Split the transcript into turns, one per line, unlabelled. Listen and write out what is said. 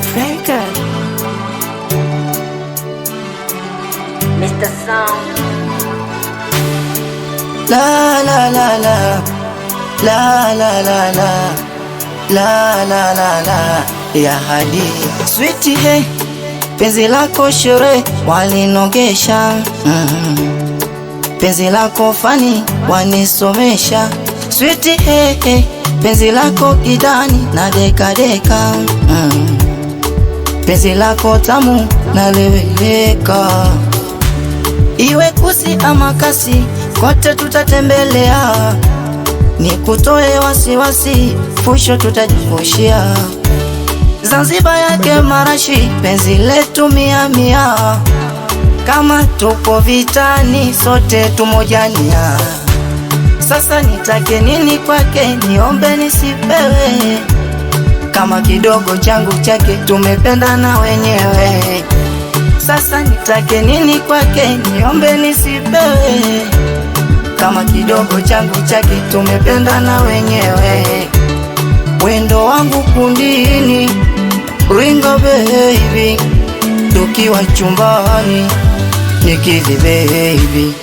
very good.
Mr. Song.
La la la la. La la la la. La la la la. Ya hadi. Sweetie, hey. Penzi lako shure walinogesha. Mm -hmm. Penzi lako fani wanisomesha. Sweet hey, hey. Penzi lako kidani na deka deka. Mm. Mm-hmm. Penzi lako tamu naleweleka, iwe kusi ama kasi, kote tutatembelea. Nikutoe wasiwasi, fusho tutajifushia. Zanzibar yake marashi, penzi letu mia mia. Kama tupo vitani, sote tumojania. Sasa nitake nini kwake, niombe nisipewe kama kidogo changu chake, tumependana wenyewe. Sasa nitake nini kwake? Niombe nisipewe? Kama kidogo changu chake, tumependana wenyewe. Wendo wangu kundini, ringo baby, tukiwa chumbani, nikizi baby